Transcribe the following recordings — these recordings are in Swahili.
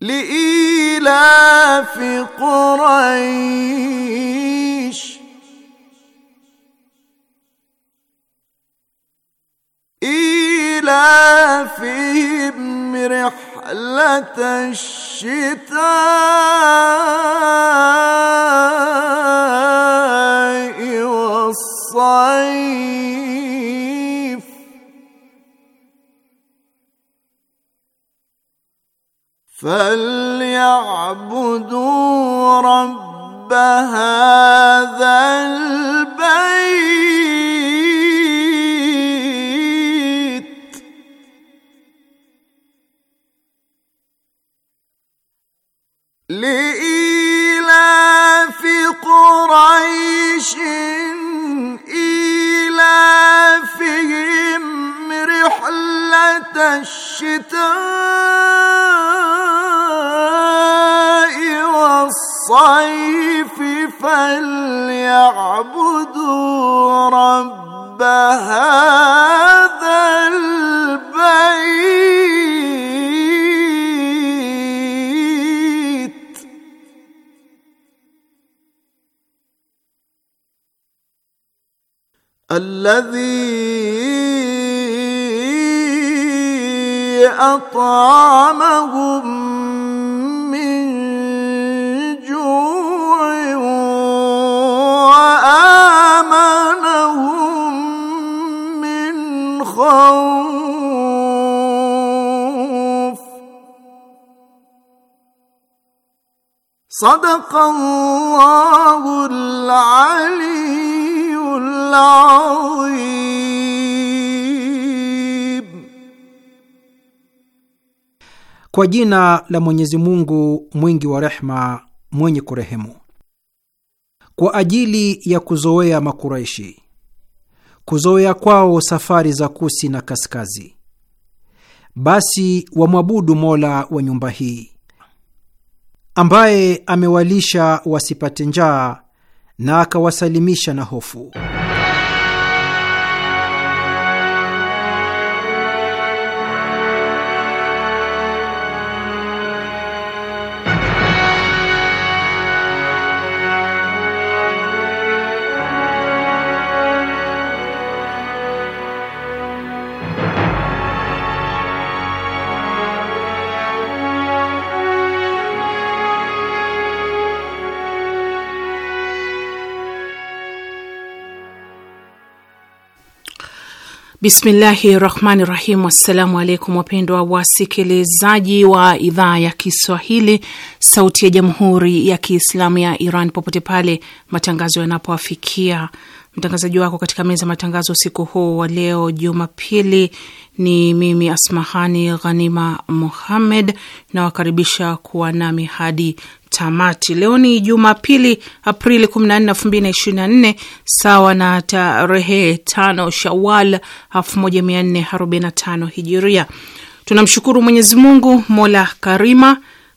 لإيلاف قريش إيلافهم رحلة الشتاء والصيف فليعبدوا رب هذا البيت لإيلاف قريش إيلافهم رحلة الشتاء الصيف فليعبدوا رب هذا البيت الذي أطعمهم الخوف صدق الله العلي العظيم Kwa jina la Mwenyezi Mungu mwingi wa rehma mwenye kurehemu. Kwa ajili ya kuzoea Makuraishi kuzoea kwao safari za kusi na kaskazi, basi wamwabudu Mola wa nyumba hii ambaye amewalisha wasipate njaa na akawasalimisha na hofu. Bismillahi rahmani rahim. Assalamu alaikum wapendwa wasikilizaji wa idhaa ya Kiswahili sauti ya jamhuri ya Kiislamu ya Iran popote pale matangazo yanapoafikia mtangazaji wako katika meza matangazo usiku huu wa leo Jumapili ni mimi Asmahani Ghanima Muhammed, nawakaribisha kuwa nami hadi tamati. Leo ni Jumapili, Aprili 14, 2024 sawa na tarehe 5 Shawal 1445 Hijiria. Tunamshukuru Mwenyezi Mungu mola karima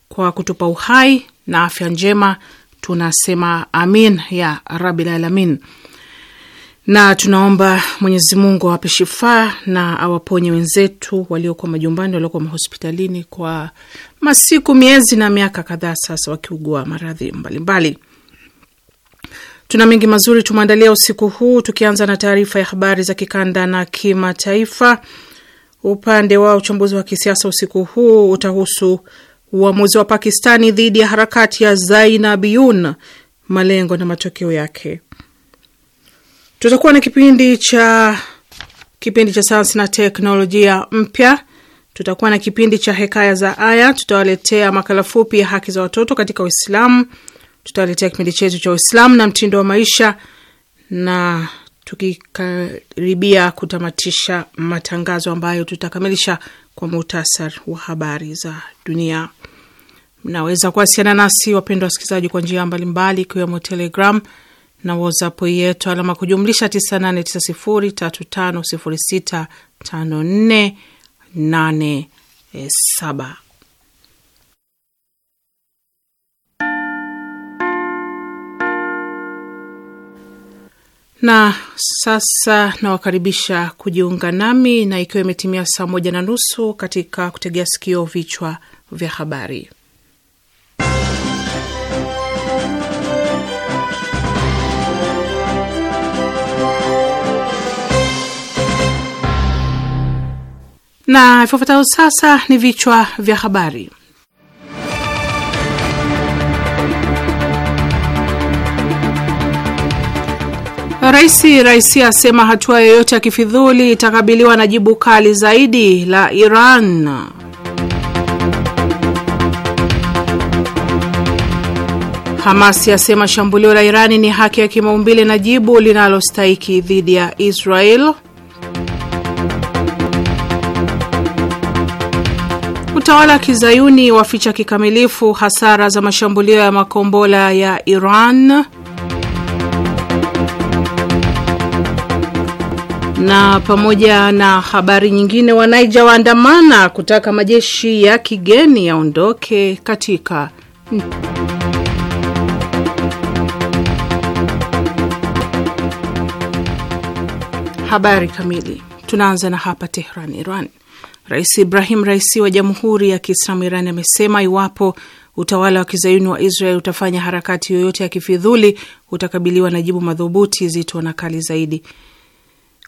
kwa kutupa uhai na afya njema, tunasema amin ya rabil alamin na tunaomba Mwenyezi Mungu awape shifaa na awaponye wenzetu waliokuwa majumbani, waliokuwa mahospitalini kwa masiku, miezi na miaka kadhaa sasa, wakiugua maradhi mbalimbali. Tuna mengi mazuri tumeandalia usiku huu, tukianza na taarifa ya habari za kikanda na kimataifa. Upande wa uchambuzi wa kisiasa usiku huu utahusu uamuzi wa Pakistani dhidi ya harakati ya Zainabiyun, malengo na matokeo yake Tutakuwa na kipindi cha kipindi cha sayansi na teknolojia mpya. Tutakuwa na kipindi cha hekaya za aya. Tutawaletea makala fupi ya haki za watoto katika Uislamu. Tutawaletea kipindi chetu cha Uislamu na mtindo wa maisha, na tukikaribia kutamatisha matangazo ambayo tutakamilisha kwa muhtasari wa habari za dunia. Mnaweza kuwasiliana nasi, wapendwa wasikilizaji, kwa njia mbalimbali, ikiwemo Telegram na WhatsApp yetu alama kujumlisha 989035065487. Na sasa nawakaribisha kujiunga nami, na ikiwa imetimia saa moja na nusu katika kutegea sikio vichwa vya habari. na ifuatayo sasa ni vichwa vya habari. Raisi Raisi asema hatua yoyote ya kifidhuli itakabiliwa na jibu kali zaidi la Iran. Hamas yasema shambulio la Irani ni haki ya kimaumbile na jibu linalostahiki dhidi ya Israel. Utawala wa kizayuni waficha kikamilifu hasara za mashambulio ya makombola ya Iran. Na pamoja na habari nyingine, wanaija waandamana kutaka majeshi ya kigeni yaondoke katika habari kamili. Tunaanza na hapa Tehran, Iran. Rais Ibrahim Raisi wa Jamhuri ya Kiislamu Iran amesema iwapo utawala wa kizayuni wa Israel utafanya harakati yoyote ya kifidhuli utakabiliwa na jibu madhubuti zito na kali zaidi.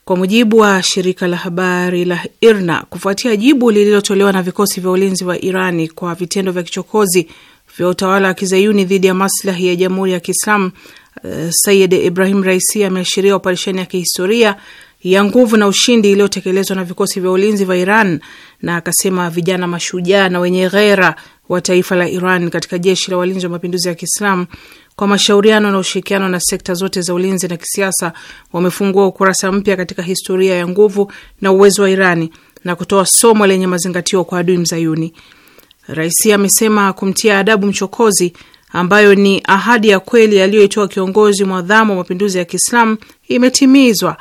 Kwa mujibu wa shirika la habari la IRNA, kufuatia jibu lililotolewa na vikosi vya ulinzi wa Irani kwa vitendo vya kichokozi vya utawala wa kizayuni dhidi ya maslahi ya Jamhuri ya Kiislamu, uh, eh, Sayid Ibrahim Raisi ameashiria operesheni ya kihistoria ya nguvu na ushindi iliyotekelezwa na vikosi vya ulinzi vya Iran na akasema vijana mashujaa na wenye ghera wa taifa la Iran katika jeshi la walinzi wa mapinduzi ya Kiislamu kwa mashauriano na ushirikiano na sekta zote za ulinzi na kisiasa wamefungua ukurasa mpya katika historia ya nguvu na uwezo wa Irani na kutoa somo lenye mazingatio kwa adui mzayuni. Raisi amesema kumtia adabu mchokozi ambayo ni ahadi ya kweli aliyoitoa kiongozi mwadhamu wa mapinduzi ya Kiislamu imetimizwa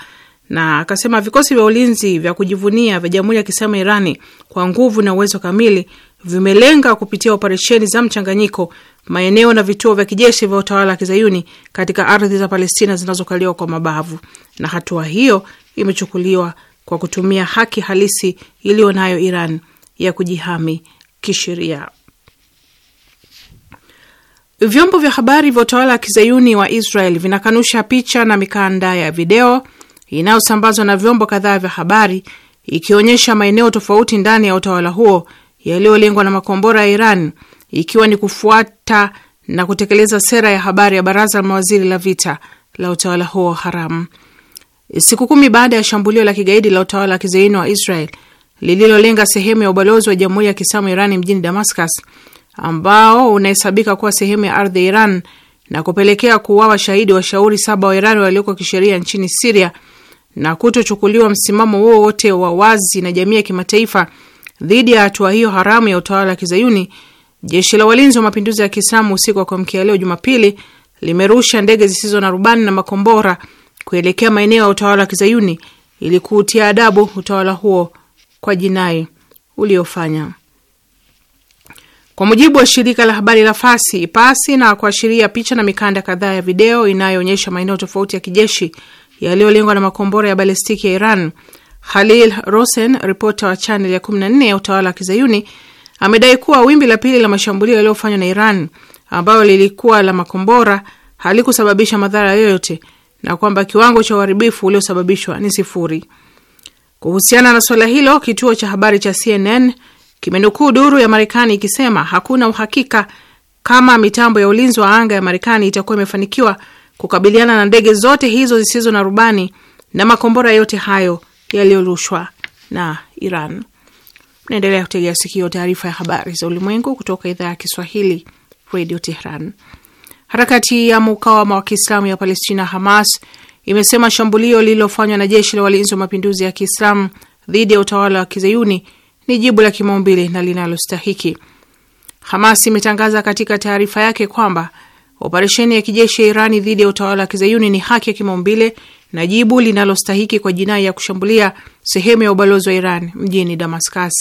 na akasema vikosi vya ulinzi vya kujivunia vya Jamhuri ya Kiislamu Irani kwa nguvu na uwezo kamili vimelenga kupitia operesheni za mchanganyiko maeneo na vituo vya kijeshi vya utawala wa kizayuni katika ardhi za Palestina zinazokaliwa kwa mabavu, na hatua hiyo imechukuliwa kwa kutumia haki halisi iliyo nayo Iran ya kujihami kisheria. Vyombo vya habari vya utawala wa kizayuni wa Israel vinakanusha picha na mikanda ya video inayosambazwa na vyombo kadhaa vya habari ikionyesha maeneo tofauti ndani ya utawala huo yaliyolengwa na makombora ya Iran, ikiwa ni kufuata na kutekeleza sera ya habari ya baraza la mawaziri la vita la utawala huo haramu. Siku kumi baada ya shambulio la kigaidi la utawala wa kizeini wa Israel lililolenga sehemu ya ubalozi wa jamhuri ya kiislamu Iran mjini Damascus, ambao unahesabika kuwa sehemu ya ardhi ya Iran na kupelekea kuuawa shahidi washauri saba wa Iran walioko kisheria nchini Siria na kutochukuliwa msimamo wowote wa wazi na jamii ya kimataifa dhidi ya hatua hiyo haramu ya utawala wa Kizayuni, jeshi la walinzi wa mapinduzi ya Kiislamu usiku wa kuamkia leo Jumapili limerusha ndege zisizo na rubani na makombora kuelekea maeneo ya utawala wa Kizayuni ili kuutia adabu utawala huo kwa jinai uliofanya. Kwa mujibu wa shirika la habari la Fasi, pasi na kuashiria picha na mikanda kadhaa ya video inayoonyesha maeneo tofauti ya kijeshi yaliyolengwa na makombora ya balistiki ya Iran. halil Rosen, ripota wa chanel ya 14 ya utawala wa Kizayuni, amedai kuwa wimbi la pili la mashambulio yaliyofanywa na Iran ambayo lilikuwa la makombora halikusababisha madhara yoyote na kwamba kiwango cha uharibifu uliosababishwa ni sifuri. Kuhusiana na swala hilo, kituo cha habari cha CNN kimenukuu duru ya Marekani ikisema hakuna uhakika kama mitambo ya ulinzi wa anga ya Marekani itakuwa imefanikiwa kukabiliana na ndege zote hizo zisizo na rubani na makombora yote hayo yaliyorushwa na Iran. Naendelea kutegea sikio taarifa ya habari za ulimwengu kutoka idhaa ya Kiswahili, Radio Tehran. Harakati ya mukawama wa Kiislamu ya Palestina, Hamas, imesema shambulio lililofanywa na jeshi la walinzi wa mapinduzi ya Kiislamu dhidi ya utawala wa kizayuni ni jibu la kimaumbili na linalostahiki. Hamas imetangaza katika taarifa yake kwamba Operesheni ya kijeshi ya Irani dhidi ya utawala wa kizayuni ni haki ya kimaumbile na jibu linalostahiki kwa jinai ya kushambulia sehemu ya ubalozi wa Iran mjini Damascus,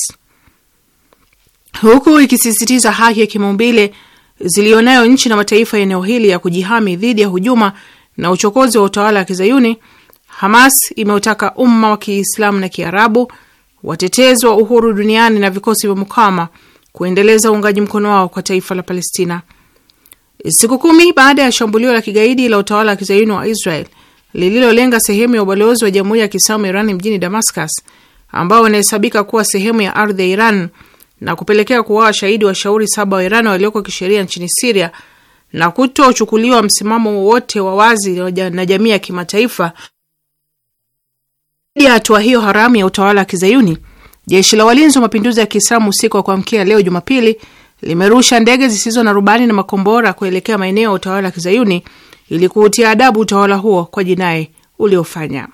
huku ikisisitiza haki ya kimaumbile zilionayo nchi na mataifa ya eneo hili ya kujihami dhidi ya hujuma na uchokozi wa utawala wa kizayuni. Hamas imeutaka umma wa Kiislamu na Kiarabu, watetezi wa uhuru duniani na vikosi vya mukawama kuendeleza uungaji mkono wao kwa taifa la Palestina. Siku kumi baada ya shambulio la kigaidi la utawala wa kizayuni wa Israel lililolenga sehemu ya ubalozi wa jamhuri ya kiislamu Iran mjini Damascus, ambao unahesabika kuwa sehemu ya ardhi ya Iran na kupelekea kuwawa shahidi washauri saba wa Iran walioko kisheria nchini Siria na kutochukuliwa msimamo wowote wa wazi na jamii ya kimataifa dhidi ya hatua hiyo haramu ya utawala wa kizayuni, jeshi la walinzi wa mapinduzi ya kiislamu usiku wa kuamkia leo Jumapili limerusha ndege zisizo na rubani na makombora kuelekea maeneo ya utawala wa kizayuni ili kuutia adabu utawala huo kwa jinai uliofanya.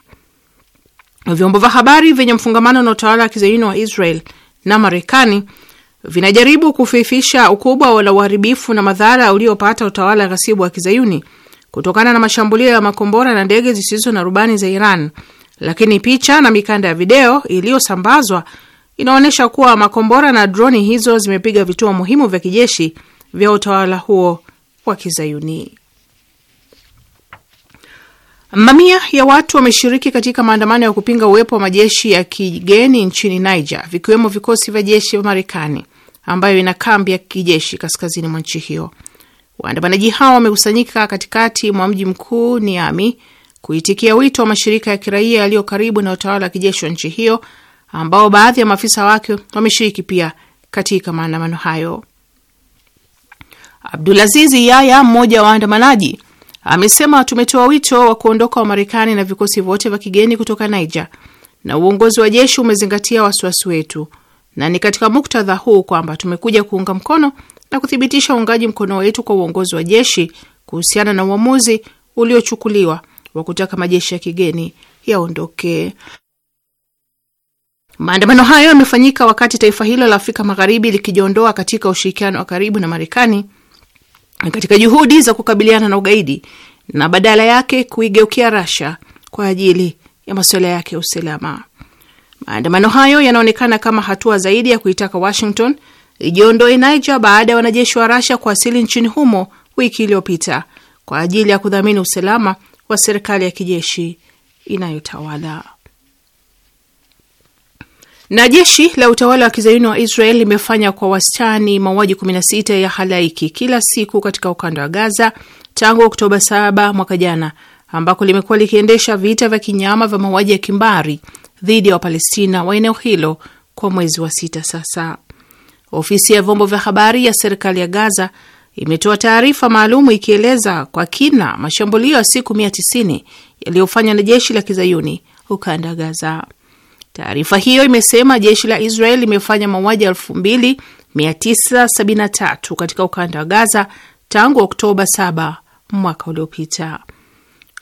Vyombo vya habari vyenye mfungamano na utawala wa kizayuni wa Israel na Marekani vinajaribu kufifisha ukubwa wa uharibifu na madhara uliopata utawala ghasibu wa kizayuni kutokana na mashambulio ya makombora na ndege zisizo na rubani za Iran, lakini picha na mikanda ya video iliyosambazwa inaonyesha kuwa makombora na droni hizo zimepiga vituo muhimu vya kijeshi vya utawala huo wa Kizayuni. Mamia ya watu wameshiriki katika maandamano ya kupinga uwepo wa majeshi ya kigeni nchini Niger, vikiwemo vikosi vya jeshi vya Marekani ambayo ina kambi ya kijeshi kaskazini mwa nchi hiyo. Waandamanaji hao wamekusanyika katikati mwa mji mkuu niami kuitikia wito wa mashirika ya kiraia yaliyo karibu na utawala wa kijeshi wa nchi hiyo ambao baadhi ya maafisa wake wameshiriki pia katika maandamano hayo. Abdulazizi Yaya, mmoja wa waandamanaji, amesema tumetoa wito wa kuondoka wa Marekani na vikosi vyote vya kigeni kutoka Niger na uongozi wa jeshi umezingatia wasiwasi wetu, na ni katika muktadha huu kwamba tumekuja kuunga mkono na kuthibitisha uungaji mkono wetu kwa uongozi wa jeshi kuhusiana na uamuzi uliochukuliwa wa kutaka majeshi ya kigeni yaondoke. Maandamano hayo yamefanyika wakati taifa hilo la Afrika Magharibi likijiondoa katika ushirikiano wa karibu na Marekani katika juhudi za kukabiliana na ugaidi na badala yake kuigeukia Russia kwa ajili ya masuala yake ya usalama. Maandamano hayo yanaonekana kama hatua zaidi ya kuitaka Washington ijiondoe Niger baada ya wanajeshi wa Russia kuwasili nchini humo wiki iliyopita kwa ajili ya kudhamini usalama wa serikali ya kijeshi inayotawala. Na jeshi la utawala wa kizayuni wa Israel limefanya kwa wastani mauaji 16 ya halaiki kila siku katika ukanda wa Gaza tangu Oktoba 7 mwaka jana, ambako limekuwa likiendesha vita vya kinyama vya mauaji ya kimbari dhidi ya Wapalestina wa eneo hilo kwa mwezi wa sita sasa. Ofisi ya vyombo vya habari ya serikali ya Gaza imetoa taarifa maalumu ikieleza kwa kina mashambulio ya siku 190 yaliyofanywa na jeshi la kizayuni ukanda Gaza. Taarifa hiyo imesema jeshi la Israel limefanya mauaji 2973 katika ukanda wa Gaza tangu Oktoba 7 mwaka uliopita.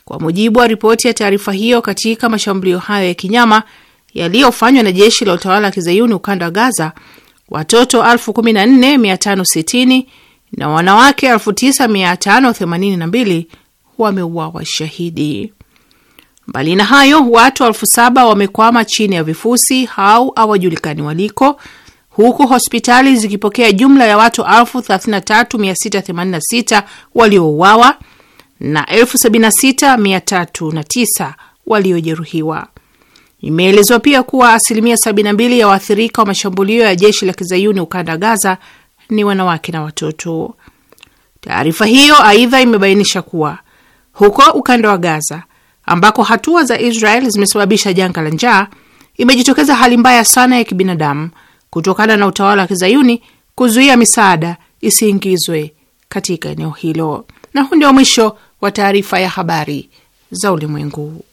Kwa mujibu wa ripoti ya taarifa hiyo, katika mashambulio hayo ya kinyama yaliyofanywa na jeshi la utawala wa kizayuni ukanda wa Gaza, watoto 14560 na wanawake 9582 wameuawa shahidi. Mbali na hayo, watu elfu saba wamekwama chini ya vifusi au hawajulikani waliko, huku hospitali zikipokea jumla ya watu elfu sita waliouawa na elfu tisa waliojeruhiwa. Imeelezwa pia kuwa asilimia 72 ya waathirika wa mashambulio ya jeshi la kizayuni ukanda Gaza ni wanawake na watoto. Taarifa hiyo aidha imebainisha kuwa huko ukanda wa Gaza ambako hatua za Israel zimesababisha janga la njaa, imejitokeza hali mbaya sana ya kibinadamu kutokana na utawala wa kizayuni kuzuia misaada isiingizwe katika eneo hilo. Na huu ndio mwisho wa taarifa ya habari za ulimwengu.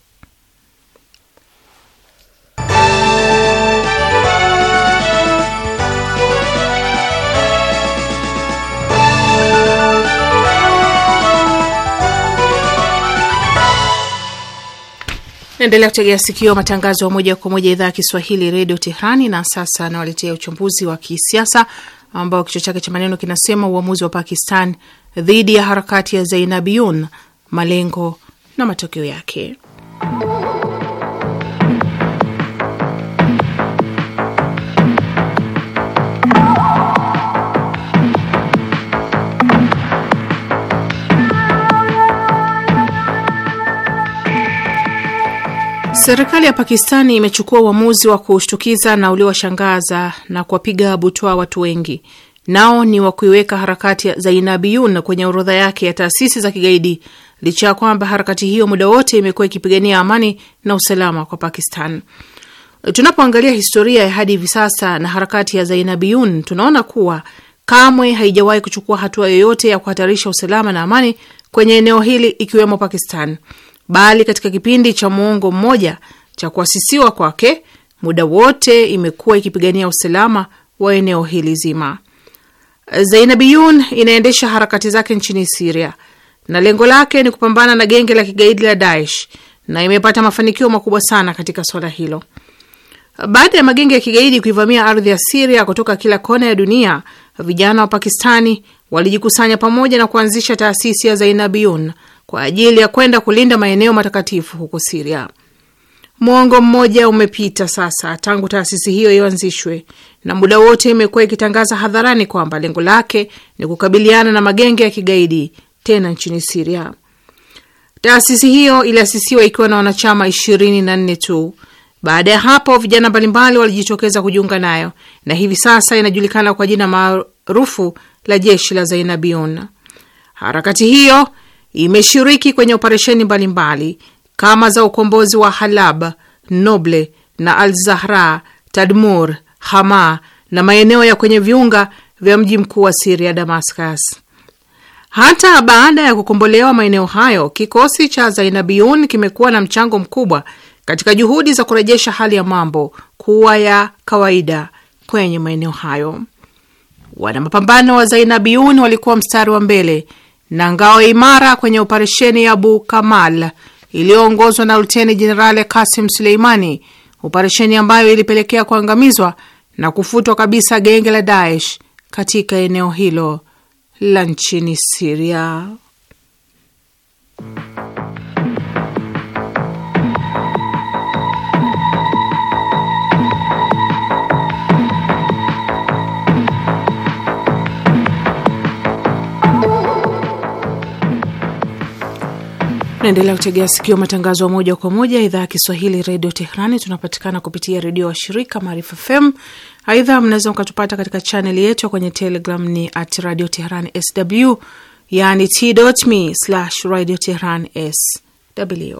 Naendelea kutegea sikio matangazo ya moja kwa moja idhaa ya Kiswahili redio Tehrani. Na sasa anawaletea uchambuzi wa kisiasa ambao kichwa chake cha maneno kinasema uamuzi wa Pakistan dhidi ya harakati ya Zainabiyun, malengo na matokeo yake. Serikali ya Pakistani imechukua uamuzi wa kushtukiza na uliowashangaza na kuwapiga butwa watu wengi, nao ni wa kuiweka harakati za Inabiyun kwenye orodha yake ya taasisi za kigaidi, licha ya kwamba harakati hiyo muda wote imekuwa ikipigania amani na usalama kwa Pakistan. Tunapoangalia historia ya hadi hivi sasa na harakati ya Zainabiyun, tunaona kuwa kamwe haijawahi kuchukua hatua yoyote ya kuhatarisha usalama na amani kwenye eneo hili, ikiwemo Pakistan bali katika kipindi cha muongo mmoja cha kuasisiwa kwake, muda wote imekuwa ikipigania usalama wa eneo hili zima. Zainabiyun inaendesha harakati zake nchini Siria na lengo lake ni kupambana na genge la kigaidi la Daesh na imepata mafanikio makubwa sana katika swala hilo. Baada ya magenge ya kigaidi kuivamia ardhi ya Siria kutoka kila kona ya dunia, vijana wa Pakistani walijikusanya pamoja na kuanzisha taasisi ya Zainabiyun kwa ajili ya kwenda kulinda maeneo matakatifu huko Siria. Mwongo mmoja umepita sasa tangu taasisi hiyo ianzishwe, na muda wote imekuwa ikitangaza hadharani kwamba lengo lake ni kukabiliana na magenge ya kigaidi tena nchini Siria. Taasisi hiyo iliasisiwa ikiwa na wanachama 24 tu. Baada ya hapo, vijana mbalimbali walijitokeza kujiunga nayo na hivi sasa inajulikana kwa jina maarufu la jeshi la Zainabion. Harakati hiyo imeshiriki kwenye operesheni mbalimbali kama za ukombozi wa Halab, Noble na Al Zahra, Tadmur, Hama na maeneo ya kwenye viunga vya mji mkuu wa Siria, Damascus. Hata baada ya kukombolewa maeneo hayo, kikosi cha Zainabiyun kimekuwa na mchango mkubwa katika juhudi za kurejesha hali ya mambo kuwa ya kawaida kwenye maeneo hayo. Wana mapambano wa Zainabiyun walikuwa mstari wa mbele na ngao imara kwenye operesheni ya Abu Kamal iliyoongozwa na Luteni Jenerali Kasim Suleimani, operesheni ambayo ilipelekea kuangamizwa na kufutwa kabisa genge la Daesh katika eneo hilo la nchini Siria. Naendelea kutegea sikio matangazo ya moja kwa moja idhaa ya Kiswahili redio Tehrani. Tunapatikana kupitia redio wa shirika Maarifa FM. Aidha, mnaweza mkatupata katika chaneli yetu kwenye Telegram ni at radio tehran sw, yani t.me slash radio tehran sw.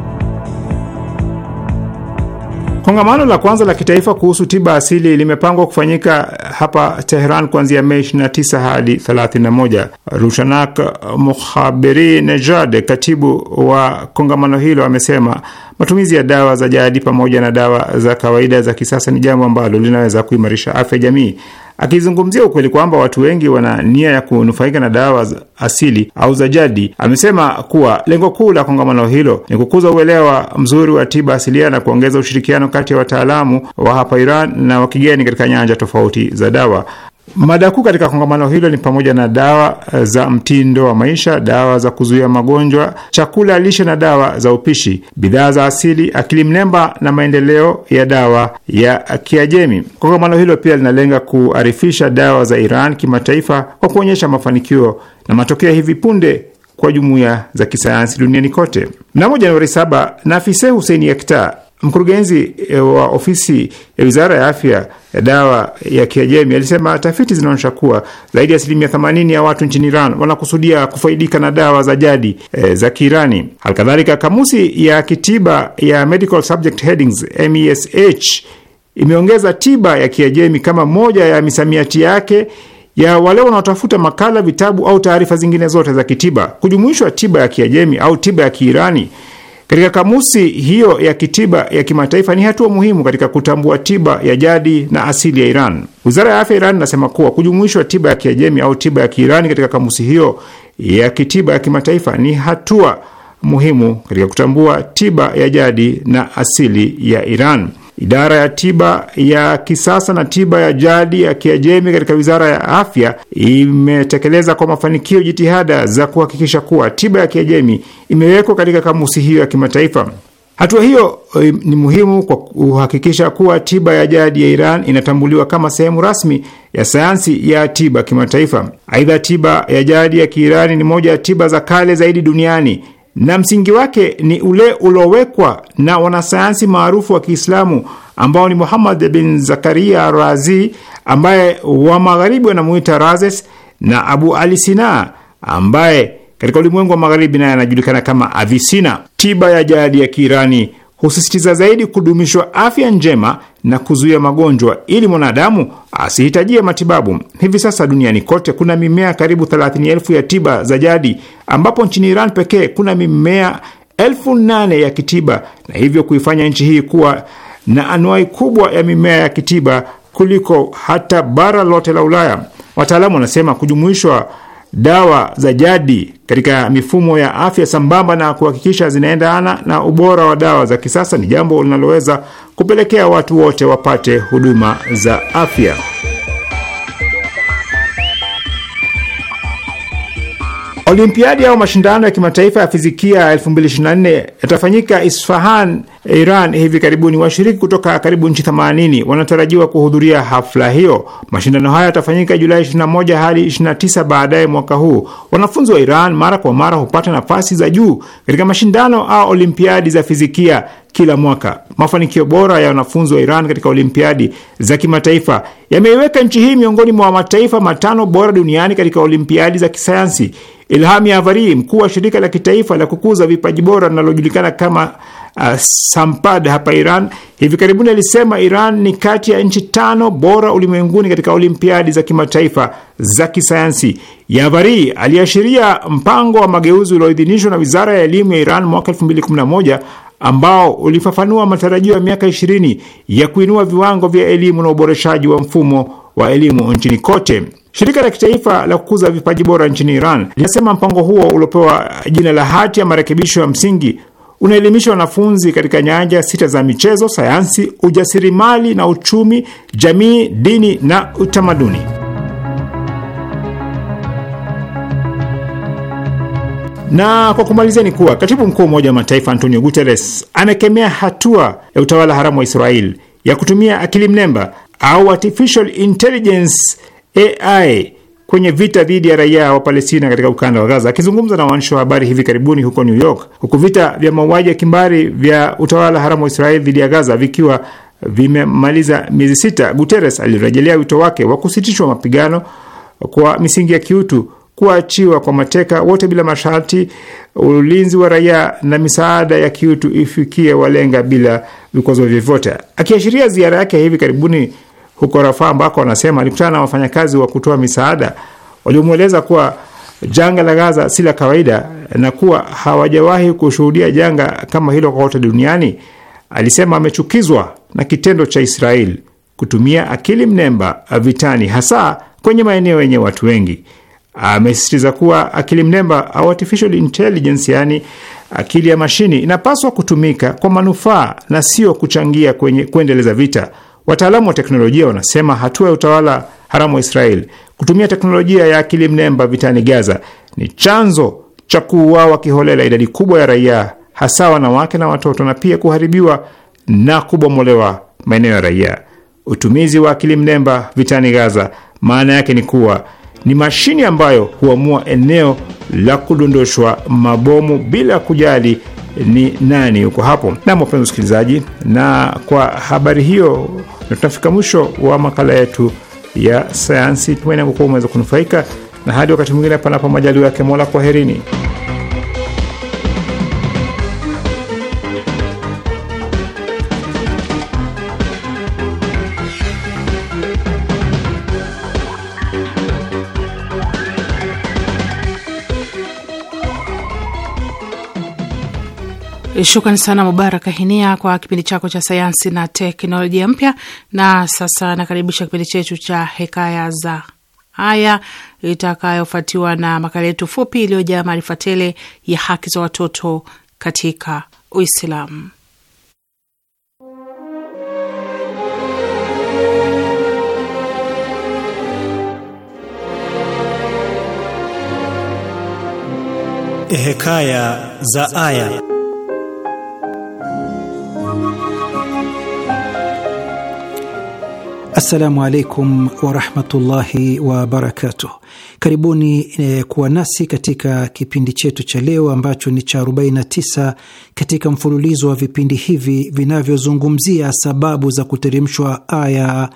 Kongamano la kwanza la kitaifa kuhusu tiba asili limepangwa kufanyika hapa Teheran kuanzia Mei 29 hadi 31. Rushanak Mukhabiri Nejad, katibu wa kongamano hilo, amesema matumizi ya dawa za jadi pamoja na dawa za kawaida za kisasa ni jambo ambalo linaweza kuimarisha afya jamii. Akizungumzia ukweli kwamba watu wengi wana nia ya kunufaika na dawa asili au za jadi, amesema kuwa lengo kuu la kongamano hilo ni kukuza uelewa mzuri wa tiba asilia na kuongeza ushirikiano kati ya wataalamu wa hapa Iran na wa kigeni katika nyanja tofauti za dawa. Mada kuu katika kongamano hilo ni pamoja na dawa eh, za mtindo wa maisha, dawa za kuzuia magonjwa, chakula lishe na dawa za upishi, bidhaa za asili, akili mnemba na maendeleo ya dawa ya Kiajemi. Kongamano hilo pia linalenga kuarifisha dawa za Iran kimataifa kwa kuonyesha mafanikio na matokeo ya hivi punde kwa jumuiya za kisayansi duniani kote. Mnamo Januari 7 Nafise Huseini Yekta, Mkurugenzi e, wa ofisi ya e, wizara ya afya ya e, dawa ya Kiajemi alisema tafiti zinaonyesha kuwa zaidi ya asilimia 80 ya watu nchini Iran wanakusudia kufaidika na dawa za jadi e, za Kiirani. Halikadhalika, kamusi ya kitiba ya Medical Subject Headings mesh imeongeza tiba ya Kiajemi kama moja ya misamiati yake ya wale wanaotafuta makala, vitabu au taarifa zingine zote za kitiba. Kujumuishwa tiba ya Kiajemi au tiba ya Kiirani katika kamusi hiyo ya kitiba ya kimataifa ni hatua muhimu katika kutambua tiba ya jadi na asili ya Iran. Wizara ya afya Iran inasema kuwa kujumuishwa tiba ya Kiajemi au tiba ya Kiirani katika kamusi hiyo ya kitiba ya kimataifa ni hatua muhimu katika kutambua tiba ya jadi na asili ya Iran. Idara ya tiba ya kisasa na tiba ya jadi ya Kiajemi katika wizara ya afya imetekeleza kwa mafanikio jitihada za kuhakikisha kuwa tiba ya Kiajemi imewekwa katika kamusi hiyo ya kimataifa. Hatua hiyo eh, ni muhimu kwa kuhakikisha kuwa tiba ya jadi ya Iran inatambuliwa kama sehemu rasmi ya sayansi ya tiba kimataifa. Aidha, tiba ya jadi ya Kiirani ni moja ya tiba za kale zaidi duniani na msingi wake ni ule uliowekwa na wanasayansi maarufu wa Kiislamu ambao ni Muhammad bin Zakaria Razi ambaye wa magharibi wanamuita Razes na Abu Ali Sina ambaye katika ulimwengu wa magharibi naye anajulikana kama Avisina. Tiba ya jadi ya Kiirani husisitiza zaidi kudumishwa afya njema na kuzuia magonjwa ili mwanadamu asihitajie matibabu. Hivi sasa duniani kote kuna mimea karibu thelathini elfu ya tiba za jadi, ambapo nchini Iran pekee kuna mimea elfu nane ya kitiba na hivyo kuifanya nchi hii kuwa na anuai kubwa ya mimea ya kitiba kuliko hata bara lote la Ulaya. Wataalamu wanasema kujumuishwa dawa za jadi katika mifumo ya afya sambamba na kuhakikisha zinaendana na ubora wa dawa za kisasa ni jambo linaloweza kupelekea watu wote wapate huduma za afya. Olimpiadi au mashindano ya kimataifa ya fizikia 2024 yatafanyika Isfahan, Iran hivi karibuni. Washiriki kutoka karibu nchi 80 wanatarajiwa kuhudhuria hafla hiyo. Mashindano haya yatafanyika Julai 21 hadi 29 baadaye mwaka huu. Wanafunzi wa Iran mara kwa mara hupata nafasi za juu katika mashindano au olimpiadi za fizikia kila mwaka. Mafanikio bora ya wanafunzi wa Iran katika olimpiadi za kimataifa yameiweka nchi hii miongoni mwa mataifa matano bora duniani katika olimpiadi za kisayansi. Ilham Yavari, mkuu wa shirika la kitaifa la kukuza vipaji bora linalojulikana kama uh, Sampad hapa Iran, hivi karibuni alisema Iran ni kati ya nchi tano bora ulimwenguni katika olimpiadi za kimataifa za kisayansi. Yavari aliashiria mpango wa mageuzi ulioidhinishwa na wizara ya elimu ya Iran mwaka 2011 ambao ulifafanua matarajio ya miaka 20 ya kuinua viwango vya elimu na uboreshaji wa mfumo wa elimu nchini kote. Shirika la kitaifa la kukuza vipaji bora nchini Iran linasema mpango huo uliopewa jina la hati ya marekebisho ya msingi unaelimisha wanafunzi katika nyanja sita za michezo, sayansi, ujasiriamali na uchumi, jamii, dini na utamaduni. Na kwa kumalizia ni kuwa katibu mkuu wa Umoja wa Mataifa Antonio Guterres amekemea hatua ya utawala haramu wa Israeli ya kutumia akili mnemba au artificial intelligence AI kwenye vita dhidi ya raia wa Palestina katika ukanda wa Gaza. Akizungumza na waandishi wa habari hivi karibuni huko New York, huku vita vya mauaji ya kimbari vya utawala haramu wa Israeli dhidi ya Gaza vikiwa vimemaliza miezi sita, Guterres alirejelea wito wake wa kusitishwa mapigano kwa misingi ya kiutu, kuachiwa kwa mateka wote bila masharti, ulinzi wa raia na misaada ya kiutu ifikie walenga bila vikwazo vyovyote, akiashiria ziara yake ya hivi karibuni huko Rafa ambako anasema alikutana na wafanyakazi wa kutoa misaada waliomweleza kuwa janga la Gaza si la kawaida na kuwa hawajawahi kushuhudia janga kama hilo kote duniani. Alisema amechukizwa na kitendo cha Israel kutumia akili mnemba vitani, hasa kwenye maeneo yenye watu wengi. Amesisitiza kuwa akili mnemba au artificial intelligence, akili ya mashini, inapaswa kutumika kwa manufaa na sio kuchangia kwenye kuendeleza vita. Wataalamu wa teknolojia wanasema hatua ya utawala haramu wa Israel kutumia teknolojia ya akili mnemba vitani Gaza ni chanzo cha kuuawa kiholela idadi kubwa ya raia, hasa wanawake na watoto, na pia kuharibiwa na kubomolewa maeneo ya raia. Utumizi wa akili mnemba vitani Gaza maana yake ni kuwa ni mashine ambayo huamua eneo la kudondoshwa mabomu bila kujali ni nani yuko hapo. Na wapenzi msikilizaji, na kwa habari hiyo tunafika mwisho wa makala yetu ya sayansi. Tumaini yangu kuwa umeweza kunufaika, na hadi wakati mwingine, panapo majaliwa yake Mola, kwaherini. Eh, shukran sana Mubaraka Hinia kwa kipindi chako cha sayansi na teknolojia mpya. Na sasa nakaribisha kipindi chetu cha Hekaya za Aya itakayofuatiwa na makala yetu fupi iliyojaa maarifa tele ya haki za watoto katika Uislamu. Hekaya za Aya. Assalamu alaikum warahmatullahi wabarakatuh. Karibuni eh, kuwa nasi katika kipindi chetu cha leo ambacho ni cha 49 katika mfululizo wa vipindi hivi vinavyozungumzia sababu za kuteremshwa aya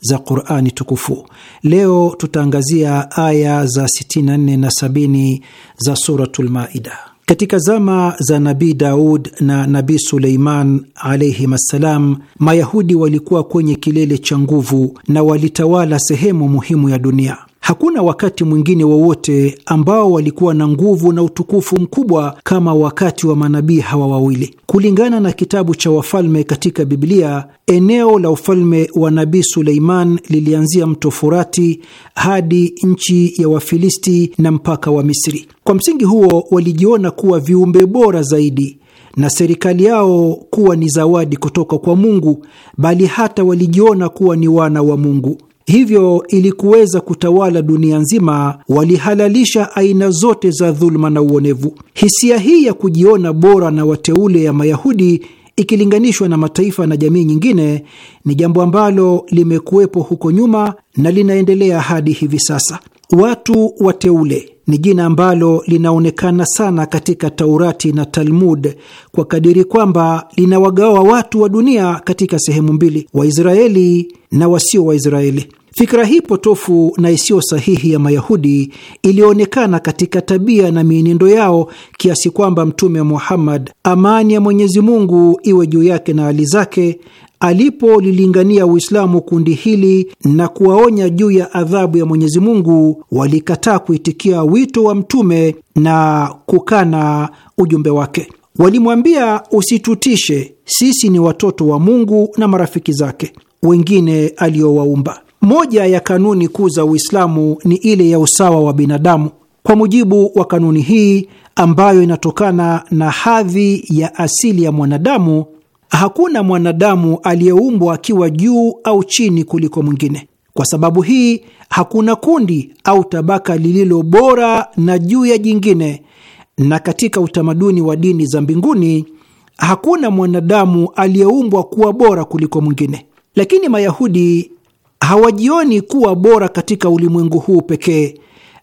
za Qurani tukufu. Leo tutaangazia aya za 64 na 70 za Suratul Maida. Katika zama za Nabii Daud na Nabii Suleiman alayhim assalam, Mayahudi walikuwa kwenye kilele cha nguvu na walitawala sehemu muhimu ya dunia. Hakuna wakati mwingine wowote ambao walikuwa na nguvu na utukufu mkubwa kama wakati wa manabii hawa wawili. Kulingana na kitabu cha Wafalme katika Biblia, eneo la ufalme wa Nabii Suleiman lilianzia mto Furati hadi nchi ya Wafilisti na mpaka wa Misri. Kwa msingi huo, walijiona kuwa viumbe bora zaidi na serikali yao kuwa ni zawadi kutoka kwa Mungu, bali hata walijiona kuwa ni wana wa Mungu. Hivyo ili kuweza kutawala dunia nzima, walihalalisha aina zote za dhuluma na uonevu. Hisia hii ya kujiona bora na wateule ya Mayahudi ikilinganishwa na mataifa na jamii nyingine ni jambo ambalo limekuwepo huko nyuma na linaendelea hadi hivi sasa. Watu wateule ni jina ambalo linaonekana sana katika Taurati na Talmud kwa kadiri kwamba linawagawa watu wa dunia katika sehemu mbili, Waisraeli na wasio Waisraeli. Fikra hii potofu na isiyo sahihi ya Mayahudi ilionekana katika tabia na mienendo yao kiasi kwamba Mtume Muhammad, amani ya Mwenyezi Mungu iwe juu yake na hali zake, Alipolilingania Uislamu kundi hili na kuwaonya juu ya adhabu ya Mwenyezi Mungu, walikataa kuitikia wito wa Mtume na kukana ujumbe wake. Walimwambia, usitutishe, sisi ni watoto wa Mungu na marafiki zake wengine aliowaumba. Moja ya kanuni kuu za Uislamu ni ile ya usawa wa binadamu. Kwa mujibu wa kanuni hii ambayo inatokana na hadhi ya asili ya mwanadamu, Hakuna mwanadamu aliyeumbwa akiwa juu au chini kuliko mwingine. Kwa sababu hii, hakuna kundi au tabaka lililo bora na juu ya jingine, na katika utamaduni wa dini za mbinguni hakuna mwanadamu aliyeumbwa kuwa bora kuliko mwingine. Lakini Mayahudi hawajioni kuwa bora katika ulimwengu huu pekee,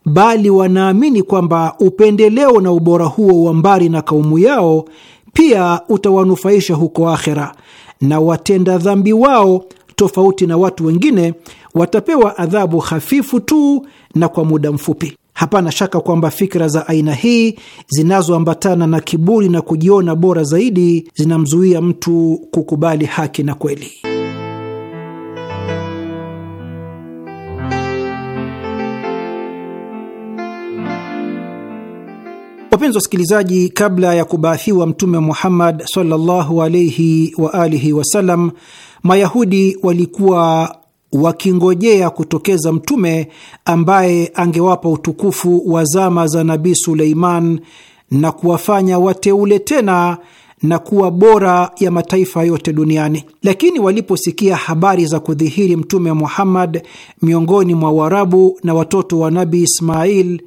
bali wanaamini kwamba upendeleo na ubora huo wa mbari na kaumu yao pia utawanufaisha huko akhera, na watenda dhambi wao, tofauti na watu wengine, watapewa adhabu hafifu tu na kwa muda mfupi. Hapana shaka kwamba fikra za aina hii zinazoambatana na kiburi na kujiona bora zaidi zinamzuia mtu kukubali haki na kweli. Wapenzi wasikilizaji, kabla ya kubaathiwa Mtume Muhammad sallallahu alaihi wa alihi wasallam, Mayahudi walikuwa wakingojea kutokeza mtume ambaye angewapa utukufu wa zama za Nabii Suleiman na kuwafanya wateule tena na kuwa bora ya mataifa yote duniani. Lakini waliposikia habari za kudhihiri Mtume Muhammad miongoni mwa Waarabu na watoto wa nabi Ismail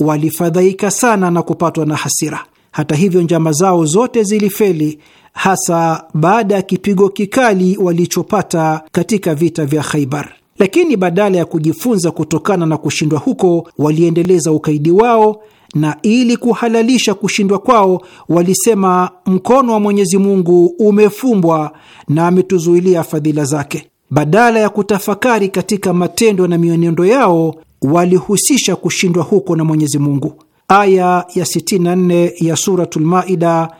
walifadhaika sana na kupatwa na hasira. Hata hivyo, njama zao zote zilifeli, hasa baada ya kipigo kikali walichopata katika vita vya Khaibar. Lakini badala ya kujifunza kutokana na kushindwa huko, waliendeleza ukaidi wao na ili kuhalalisha kushindwa kwao walisema, mkono wa Mwenyezi Mungu umefumbwa na ametuzuilia fadhila zake. Badala ya kutafakari katika matendo na mienendo yao, walihusisha kushindwa huko na Mwenyezi Mungu. Aya ya 64 ya Suratul Maida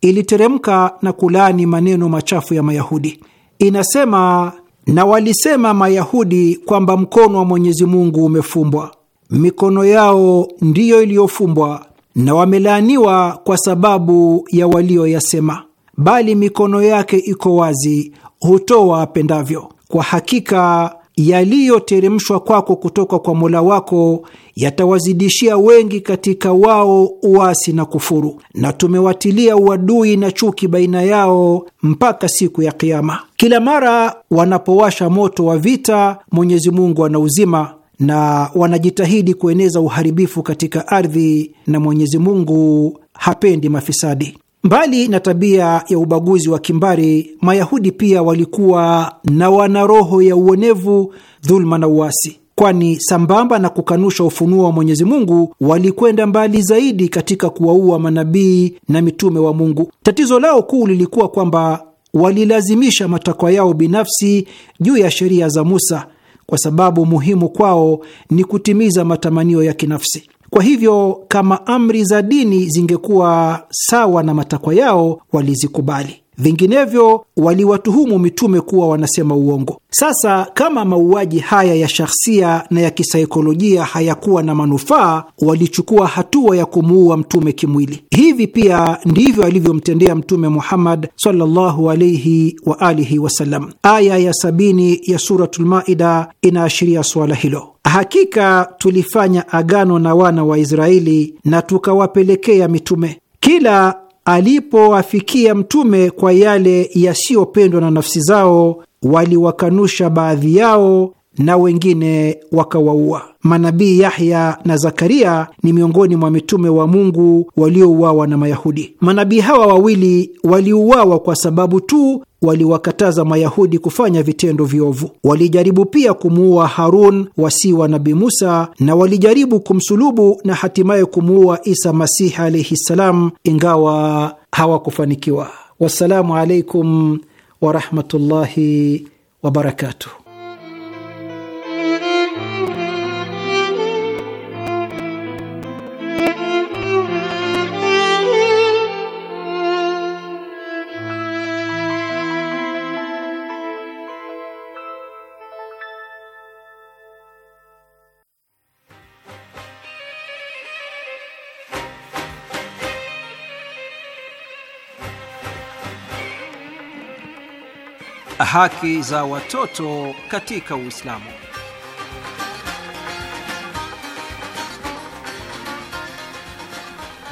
iliteremka na kulaani maneno machafu ya Mayahudi. Inasema, na walisema Mayahudi kwamba mkono wa Mwenyezi Mungu umefumbwa, mikono yao ndiyo iliyofumbwa, na wamelaaniwa kwa sababu ya walioyasema, bali mikono yake iko wazi, hutoa apendavyo. Kwa hakika yaliyoteremshwa kwako kutoka kwa Mola wako yatawazidishia wengi katika wao uasi na kufuru, na tumewatilia uadui na chuki baina yao mpaka siku ya Kiama. Kila mara wanapowasha moto wa vita, Mwenyezi Mungu anauzima, na wanajitahidi kueneza uharibifu katika ardhi, na Mwenyezi Mungu hapendi mafisadi. Mbali na tabia ya ubaguzi wa kimbari, Mayahudi pia walikuwa na wana roho ya uonevu, dhuluma na uasi, kwani sambamba na kukanusha ufunuo wa Mwenyezi Mungu walikwenda mbali zaidi katika kuwaua manabii na mitume wa Mungu. Tatizo lao kuu lilikuwa kwamba walilazimisha matakwa yao binafsi juu ya sheria za Musa, kwa sababu muhimu kwao ni kutimiza matamanio ya kinafsi. Kwa hivyo kama amri za dini zingekuwa sawa na matakwa yao, walizikubali vinginevyo waliwatuhumu mitume kuwa wanasema uongo. Sasa kama mauaji haya ya shahsia na ya kisaikolojia hayakuwa na manufaa, walichukua hatua ya kumuua mtume kimwili. Hivi pia ndivyo alivyomtendea Mtume Muhammad sallallahu alaihi wa alihi wasallam. Aya ya sabini ya Suratul Maida inaashiria suala hilo. Hakika tulifanya agano na wana wa Israeli na tukawapelekea mitume kila alipowafikia Mtume kwa yale yasiyopendwa na nafsi zao, waliwakanusha baadhi yao na wengine wakawaua. Manabii Yahya na Zakaria ni miongoni mwa mitume wa Mungu waliouawa na Mayahudi. Manabii hawa wawili waliuawa kwa sababu tu waliwakataza Mayahudi kufanya vitendo viovu. Walijaribu pia kumuua Harun wasii wa Nabii Musa, na walijaribu kumsulubu na hatimaye kumuua Isa Masihi alaihi ssalam, ingawa hawakufanikiwa. Wassalamu alaikum warahmatullahi wabarakatuh. Haki za watoto katika Uislamu.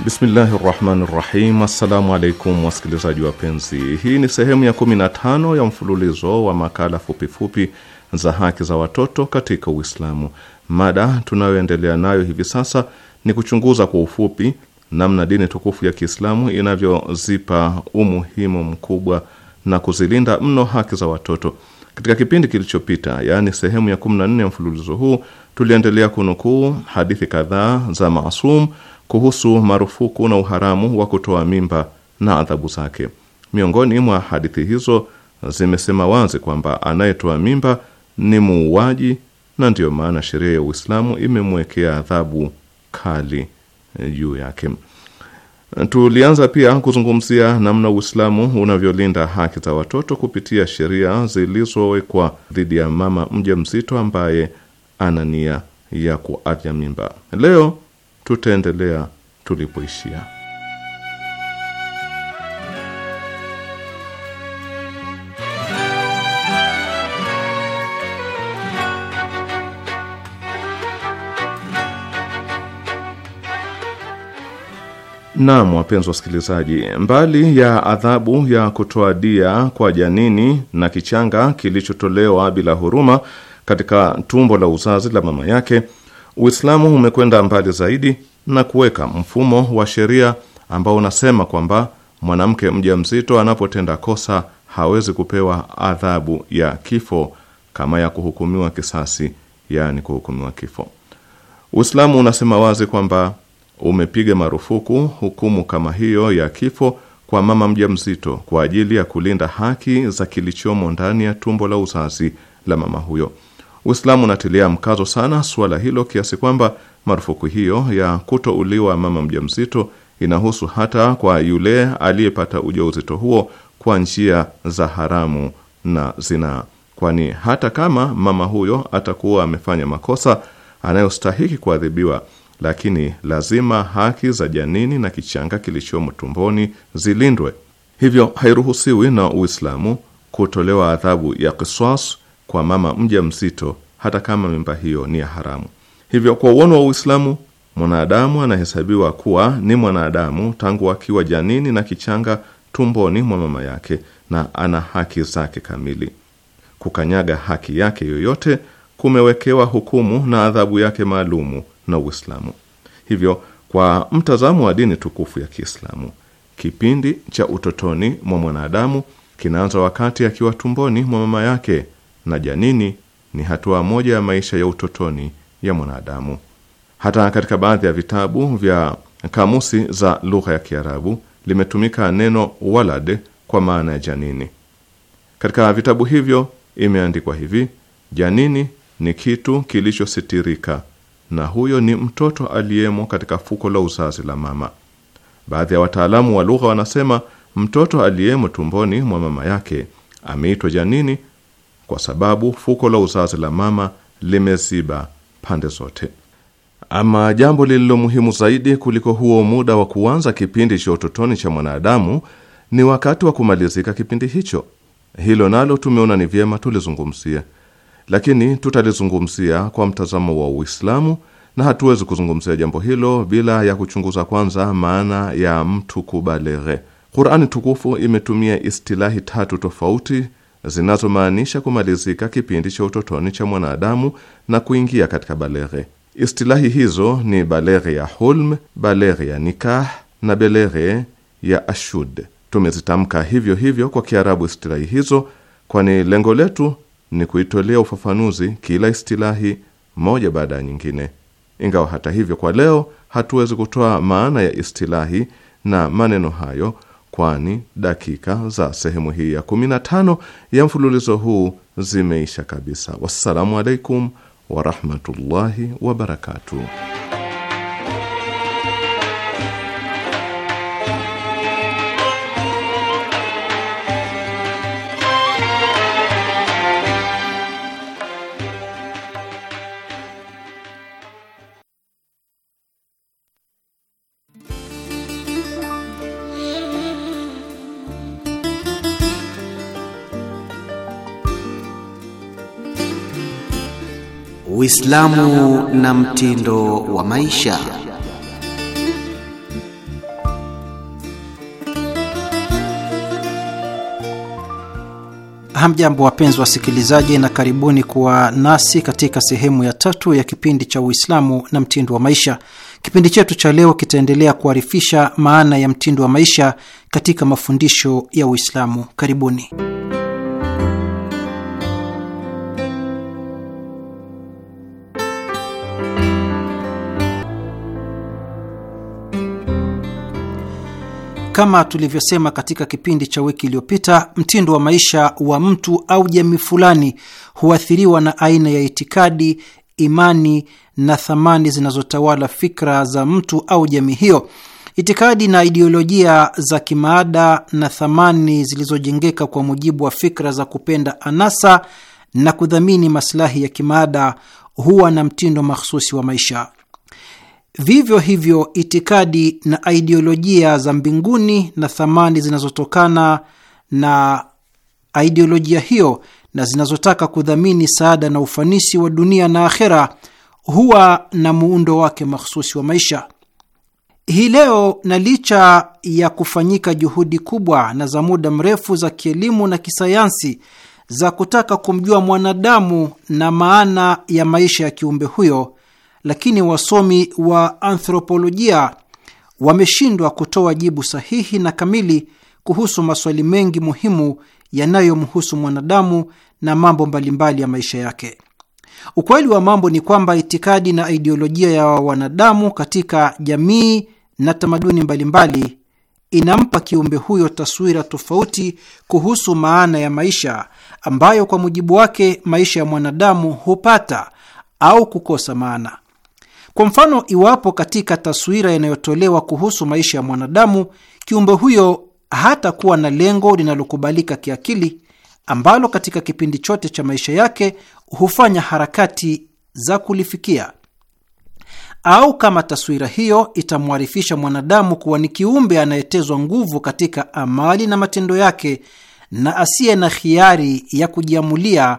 Bismillahi rahmani rahim. Assalamu alaikum wasikilizaji wapenzi, hii ni sehemu ya 15 ya mfululizo wa makala fupifupi za haki za watoto katika Uislamu. Mada tunayoendelea nayo hivi sasa ni kuchunguza kwa ufupi namna dini tukufu ya Kiislamu inavyozipa umuhimu mkubwa na kuzilinda mno haki za watoto. Katika kipindi kilichopita, yaani sehemu ya 14 ya mfululizo huu, tuliendelea kunukuu hadithi kadhaa za Maasum kuhusu marufuku na uharamu wa kutoa mimba na adhabu zake. Miongoni mwa hadithi hizo zimesema wazi kwamba anayetoa mimba ni muuaji, na ndiyo maana sheria ya Uislamu imemwekea adhabu kali juu yake. Tulianza pia kuzungumzia namna Uislamu unavyolinda haki za watoto kupitia sheria zilizowekwa dhidi ya mama mzito ambaye ana nia ya kuavya mimba. Leo tutaendelea tulipoishia. Naam, wapenzi wasikilizaji, mbali ya adhabu ya kutoa dia kwa janini na kichanga kilichotolewa bila huruma katika tumbo la uzazi la mama yake, Uislamu umekwenda mbali zaidi na kuweka mfumo wa sheria ambao unasema kwamba mwanamke mjamzito anapotenda kosa hawezi kupewa adhabu ya kifo kama ya kuhukumiwa kisasi, yaani kuhukumiwa kifo. Uislamu unasema wazi kwamba umepiga marufuku hukumu kama hiyo ya kifo kwa mama mjamzito kwa ajili ya kulinda haki za kilichomo ndani ya tumbo la uzazi la mama huyo. Uislamu unatilia mkazo sana suala hilo kiasi kwamba marufuku hiyo ya kutouliwa mama mjamzito inahusu hata kwa yule aliyepata ujauzito huo kwa njia za haramu na zinaa, kwani hata kama mama huyo atakuwa amefanya makosa anayostahiki kuadhibiwa lakini lazima haki za janini na kichanga kilichomo tumboni zilindwe. Hivyo hairuhusiwi na Uislamu kutolewa adhabu ya kiswas kwa mama mja mzito, hata kama mimba hiyo ni ya haramu. Hivyo kwa uono wa Uislamu, mwanadamu anahesabiwa kuwa ni mwanadamu tangu akiwa janini na kichanga tumboni mwa mama yake, na ana haki zake kamili. Kukanyaga haki yake yoyote kumewekewa hukumu na adhabu yake maalumu na Uislamu. Hivyo, kwa mtazamo wa dini tukufu ya Kiislamu, kipindi cha utotoni mwa mwanadamu kinaanza wakati akiwa tumboni mwa mama yake, na janini ni hatua moja ya maisha ya utotoni ya mwanadamu. Hata katika baadhi ya vitabu vya kamusi za lugha ya Kiarabu limetumika neno walad kwa maana ya janini. Katika vitabu hivyo imeandikwa hivi: janini ni kitu kilichositirika na huyo ni mtoto aliyemo katika fuko la uzazi la mama. Baadhi ya wataalamu wa lugha wanasema mtoto aliyemo tumboni mwa mama yake ameitwa janini kwa sababu fuko la uzazi la mama limeziba pande zote. Ama jambo lililo muhimu zaidi kuliko huo muda wa kuanza kipindi cha utotoni cha mwanadamu ni wakati wa kumalizika kipindi hicho. Hilo nalo tumeona ni vyema tulizungumzia lakini tutalizungumzia kwa mtazamo wa Uislamu na hatuwezi kuzungumzia jambo hilo bila ya kuchunguza kwanza maana ya mtu kubaleghe. Qurani tukufu imetumia istilahi tatu tofauti zinazomaanisha kumalizika kipindi cha utotoni cha mwanadamu na kuingia katika baleghe. Istilahi hizo ni baleghe ya hulm, baleghe ya nikah na baleghe ya ashud. Tumezitamka hivyo hivyo kwa Kiarabu istilahi hizo, kwani lengo letu ni kuitolea ufafanuzi kila istilahi moja baada ya nyingine. Ingawa hata hivyo, kwa leo hatuwezi kutoa maana ya istilahi na maneno hayo, kwani dakika za sehemu hii ya 15 ya mfululizo huu zimeisha kabisa. Wassalamu alaikum warahmatullahi wabarakatuh. Uislamu na mtindo wa maisha. Hamjambo, wapenzi wasikilizaji, na karibuni kuwa nasi katika sehemu ya tatu ya kipindi cha Uislamu na mtindo wa maisha. Kipindi chetu cha leo kitaendelea kuarifisha maana ya mtindo wa maisha katika mafundisho ya Uislamu. Karibuni. kama tulivyosema katika kipindi cha wiki iliyopita, mtindo wa maisha wa mtu au jamii fulani huathiriwa na aina ya itikadi, imani na thamani zinazotawala fikra za mtu au jamii hiyo. Itikadi na idiolojia za kimaada na thamani zilizojengeka kwa mujibu wa fikra za kupenda anasa na kudhamini masilahi ya kimaada huwa na mtindo mahsusi wa maisha. Vivyo hivyo, itikadi na aidiolojia za mbinguni na thamani zinazotokana na aidiolojia hiyo na zinazotaka kudhamini saada na ufanisi wa dunia na akhera huwa na muundo wake mahsusi wa maisha. Hii leo, na licha ya kufanyika juhudi kubwa na za muda mrefu za kielimu na kisayansi za kutaka kumjua mwanadamu na maana ya maisha ya kiumbe huyo lakini wasomi wa anthropolojia wameshindwa kutoa jibu sahihi na kamili kuhusu maswali mengi muhimu yanayomhusu mwanadamu na mambo mbalimbali ya maisha yake. Ukweli wa mambo ni kwamba itikadi na idiolojia ya wanadamu katika jamii na tamaduni mbalimbali inampa kiumbe huyo taswira tofauti kuhusu maana ya maisha, ambayo kwa mujibu wake maisha ya mwanadamu hupata au kukosa maana. Kwa mfano, iwapo katika taswira inayotolewa kuhusu maisha ya mwanadamu kiumbe huyo hatakuwa na lengo linalokubalika kiakili ambalo katika kipindi chote cha maisha yake hufanya harakati za kulifikia, au kama taswira hiyo itamwarifisha mwanadamu kuwa ni kiumbe anayetezwa nguvu katika amali na matendo yake na asiye na hiari ya kujiamulia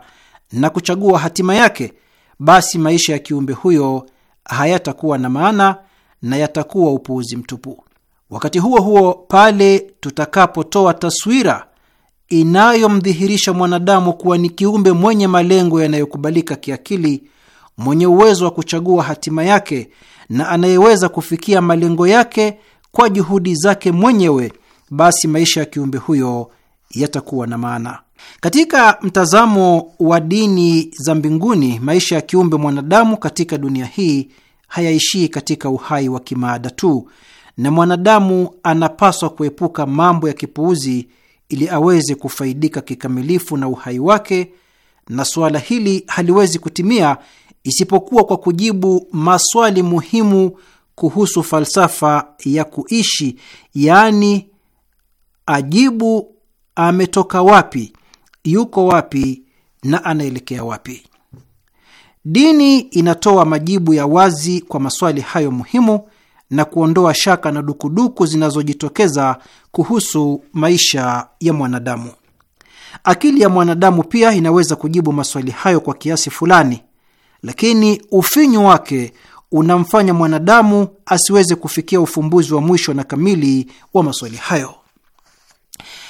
na kuchagua hatima yake, basi maisha ya kiumbe huyo hayatakuwa na maana na yatakuwa upuuzi mtupu. Wakati huo huo, pale tutakapotoa taswira inayomdhihirisha mwanadamu kuwa ni kiumbe mwenye malengo yanayokubalika kiakili, mwenye uwezo wa kuchagua hatima yake na anayeweza kufikia malengo yake kwa juhudi zake mwenyewe, basi maisha ya kiumbe huyo yatakuwa na maana. Katika mtazamo wa dini za mbinguni, maisha ya kiumbe mwanadamu katika dunia hii hayaishii katika uhai wa kimaada tu, na mwanadamu anapaswa kuepuka mambo ya kipuuzi ili aweze kufaidika kikamilifu na uhai wake, na suala hili haliwezi kutimia isipokuwa kwa kujibu maswali muhimu kuhusu falsafa ya kuishi, yaani ajibu ametoka wapi yuko wapi na anaelekea wapi. Dini inatoa majibu ya wazi kwa maswali hayo muhimu na kuondoa shaka na dukuduku zinazojitokeza kuhusu maisha ya mwanadamu. Akili ya mwanadamu pia inaweza kujibu maswali hayo kwa kiasi fulani, lakini ufinyu wake unamfanya mwanadamu asiweze kufikia ufumbuzi wa mwisho na kamili wa maswali hayo.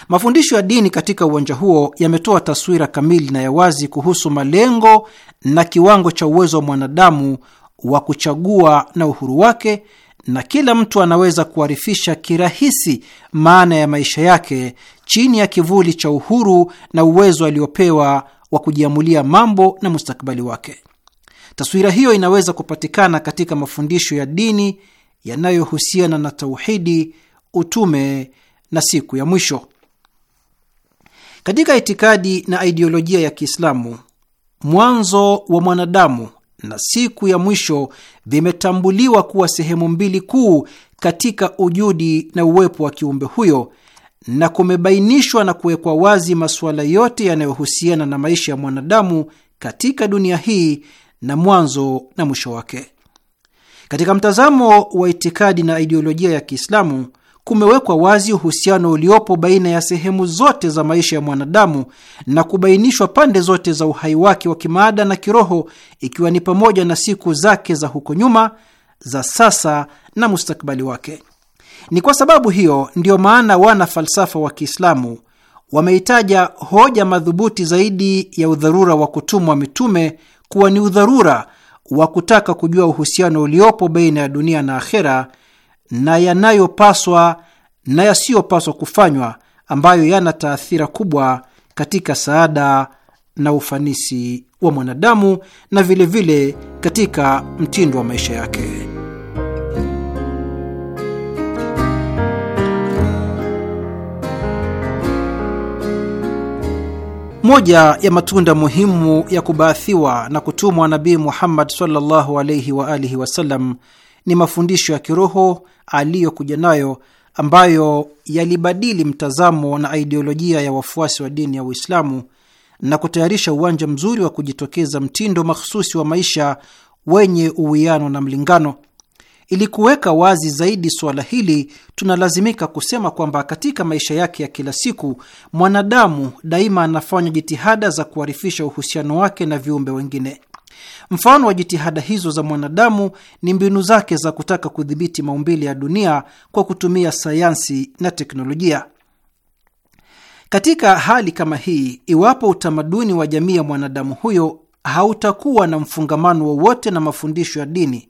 Mafundisho ya dini katika uwanja huo yametoa taswira kamili na ya wazi kuhusu malengo na kiwango cha uwezo wa mwanadamu wa kuchagua na uhuru wake, na kila mtu anaweza kuarifisha kirahisi maana ya maisha yake chini ya kivuli cha uhuru na uwezo aliopewa wa kujiamulia mambo na mustakabali wake. Taswira hiyo inaweza kupatikana katika mafundisho ya dini yanayohusiana na tauhidi, utume na siku ya mwisho. Katika itikadi na ideolojia ya Kiislamu, mwanzo wa mwanadamu na siku ya mwisho vimetambuliwa kuwa sehemu mbili kuu katika ujudi na uwepo wa kiumbe huyo, na kumebainishwa na kuwekwa wazi masuala yote yanayohusiana na maisha ya mwanadamu katika dunia hii na mwanzo na mwisho wake. Katika mtazamo wa itikadi na idiolojia ya Kiislamu, kumewekwa wazi uhusiano uliopo baina ya sehemu zote za maisha ya mwanadamu na kubainishwa pande zote za uhai wake wa kimaada na kiroho, ikiwa ni pamoja na siku zake za huko nyuma, za sasa na mustakabali wake. Ni kwa sababu hiyo ndiyo maana wana falsafa wa Kiislamu wameitaja hoja madhubuti zaidi ya udharura wa kutumwa mitume kuwa ni udharura wa kutaka kujua uhusiano uliopo baina ya dunia na akhera na yanayopaswa na yasiyopaswa kufanywa ambayo yana taathira kubwa katika saada na ufanisi wa mwanadamu na vilevile vile katika mtindo wa maisha yake. Moja ya matunda muhimu ya kubaathiwa na kutumwa Nabii Muhammad sallallahu alaihi wa alihi wasallam ni mafundisho ya kiroho aliyokuja nayo ambayo yalibadili mtazamo na idiolojia ya wafuasi wa dini ya Uislamu na kutayarisha uwanja mzuri wa kujitokeza mtindo mahsusi wa maisha wenye uwiano na mlingano. Ili kuweka wazi zaidi suala hili, tunalazimika kusema kwamba katika maisha yake ya kila siku mwanadamu daima anafanya jitihada za kuharifisha uhusiano wake na viumbe wengine. Mfano wa jitihada hizo za mwanadamu ni mbinu zake za kutaka kudhibiti maumbile ya dunia kwa kutumia sayansi na teknolojia. Katika hali kama hii, iwapo utamaduni wa jamii ya mwanadamu huyo hautakuwa na mfungamano wowote na mafundisho ya dini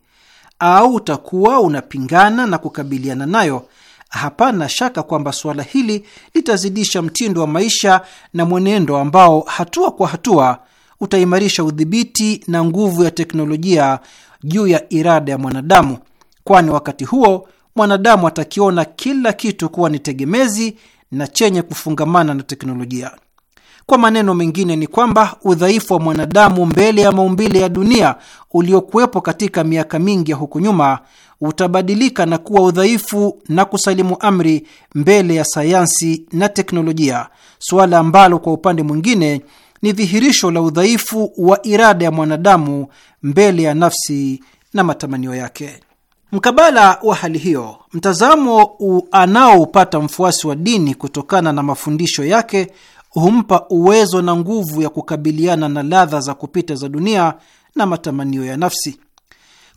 au utakuwa unapingana na kukabiliana nayo, hapana shaka kwamba suala hili litazidisha mtindo wa maisha na mwenendo ambao hatua kwa hatua utaimarisha udhibiti na nguvu ya teknolojia juu ya irada ya mwanadamu, kwani wakati huo mwanadamu atakiona kila kitu kuwa ni tegemezi na chenye kufungamana na teknolojia. Kwa maneno mengine ni kwamba udhaifu wa mwanadamu mbele ya maumbile ya dunia uliokuwepo katika miaka mingi ya huko nyuma utabadilika na kuwa udhaifu na kusalimu amri mbele ya sayansi na teknolojia, suala ambalo kwa upande mwingine ni dhihirisho la udhaifu wa irada ya mwanadamu mbele ya nafsi na matamanio yake. Mkabala wa hali hiyo, mtazamo anaoupata mfuasi wa dini kutokana na mafundisho yake humpa uwezo na nguvu ya kukabiliana na ladha za kupita za dunia na matamanio ya nafsi.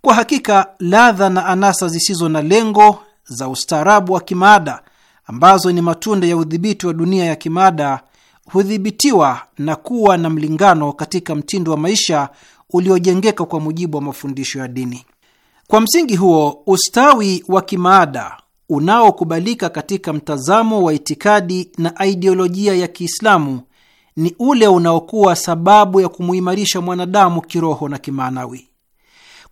Kwa hakika, ladha na anasa zisizo na lengo za ustaarabu wa kimaada ambazo ni matunda ya udhibiti wa dunia ya kimaada hudhibitiwa na kuwa na mlingano katika mtindo wa maisha uliojengeka kwa mujibu wa mafundisho ya dini. Kwa msingi huo, ustawi wa kimaada unaokubalika katika mtazamo wa itikadi na aidiolojia ya Kiislamu ni ule unaokuwa sababu ya kumuimarisha mwanadamu kiroho na kimaanawi.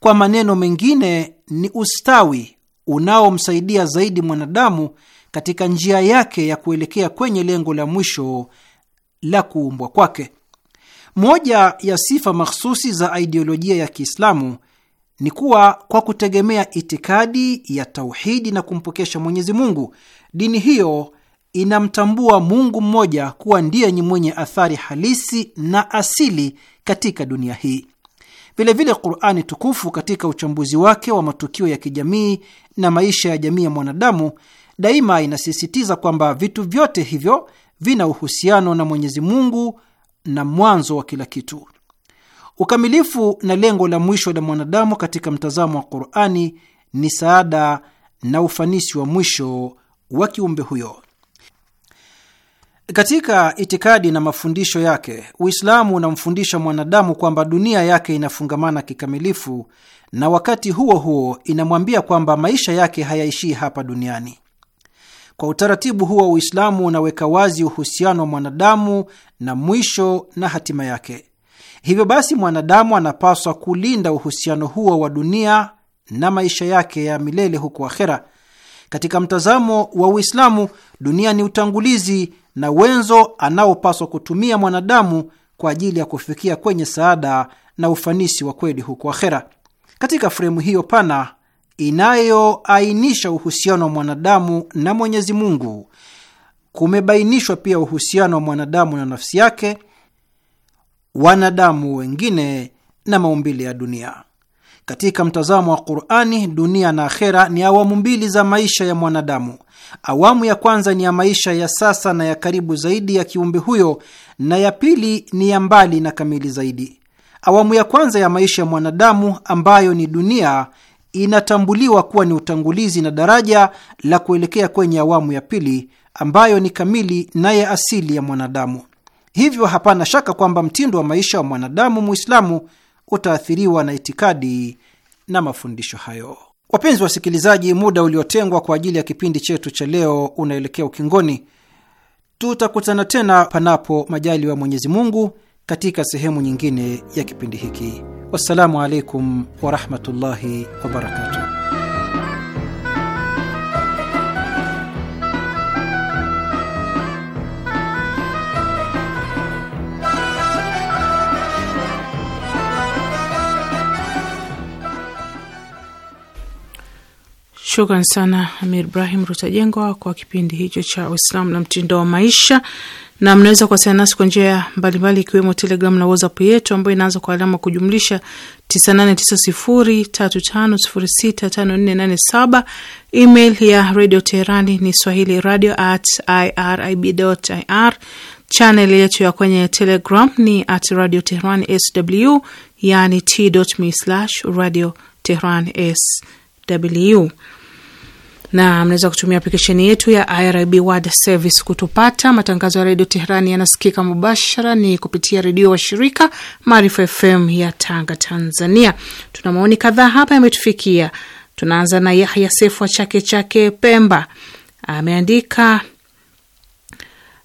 Kwa maneno mengine, ni ustawi unaomsaidia zaidi mwanadamu katika njia yake ya kuelekea kwenye lengo la mwisho la kuumbwa kwake. Moja ya sifa mahsusi za aidiolojia ya Kiislamu ni kuwa kwa kutegemea itikadi ya tauhidi na kumpokesha Mwenyezi Mungu, dini hiyo inamtambua Mungu mmoja kuwa ndiye ni mwenye athari halisi na asili katika dunia hii. Vilevile, Qurani tukufu katika uchambuzi wake wa matukio ya kijamii na maisha ya jamii ya mwanadamu daima inasisitiza kwamba vitu vyote hivyo vina uhusiano na Mwenyezi Mungu na mwanzo wa kila kitu. Ukamilifu na lengo la mwisho la mwanadamu katika mtazamo wa Qur'ani ni saada na ufanisi wa mwisho wa kiumbe huyo. Katika itikadi na mafundisho yake, Uislamu unamfundisha mwanadamu kwamba dunia yake inafungamana kikamilifu, na wakati huo huo inamwambia kwamba maisha yake hayaishii hapa duniani. Kwa utaratibu huo, Uislamu unaweka wazi uhusiano wa mwanadamu na mwisho na hatima yake. Hivyo basi, mwanadamu anapaswa kulinda uhusiano huo wa dunia na maisha yake ya milele huko akhera. Katika mtazamo wa Uislamu, dunia ni utangulizi na wenzo anaopaswa kutumia mwanadamu kwa ajili ya kufikia kwenye saada na ufanisi wa kweli huko akhera. Katika fremu hiyo pana inayoainisha uhusiano wa mwanadamu na Mwenyezi Mungu, kumebainishwa pia uhusiano wa mwanadamu na nafsi yake, wanadamu wengine na maumbile ya dunia. Katika mtazamo wa Qur'ani, dunia na akhera ni awamu mbili za maisha ya mwanadamu. Awamu ya kwanza ni ya maisha ya sasa na ya karibu zaidi ya kiumbe huyo, na ya pili ni ya mbali na kamili zaidi. Awamu ya kwanza ya maisha ya mwanadamu ambayo ni dunia inatambuliwa kuwa ni utangulizi na daraja la kuelekea kwenye awamu ya pili ambayo ni kamili na ya asili ya mwanadamu. Hivyo hapana shaka kwamba mtindo wa maisha wa mwanadamu Muislamu utaathiriwa na itikadi na mafundisho hayo. Wapenzi wasikilizaji, muda uliotengwa kwa ajili ya kipindi chetu cha leo unaelekea ukingoni. Tutakutana tena panapo majaliwa Mwenyezi Mungu katika sehemu nyingine ya kipindi hiki. Wassalamu alaikum warahmatullahi wabarakatuh. Shukran sana Amir Ibrahim Rutajengwa kwa kipindi hicho cha Uislamu na mtindo wa maisha na mnaweza kuwasiliana nasi kwa njia mbalimbali ikiwemo Telegram na WhatsApp yetu ambayo inaanza kwa alama kujumlisha 989035065487. Email ya Radio Teherani ni swahili radio at irib ir. Channel yetu ya kwenye Telegram ni at Radio Tehran sw, yani t.me slash Radio teheran sw na mnaweza kutumia aplikesheni yetu ya IRIB World Service kutupata. Matangazo ya redio Teherani yanasikika mubashara ni kupitia redio wa shirika Maarifa FM ya Tanga, Tanzania. Tuna maoni kadhaa hapa yametufikia. Tunaanza na Yahya Sefu wa Chake Chake, Pemba. Ameandika,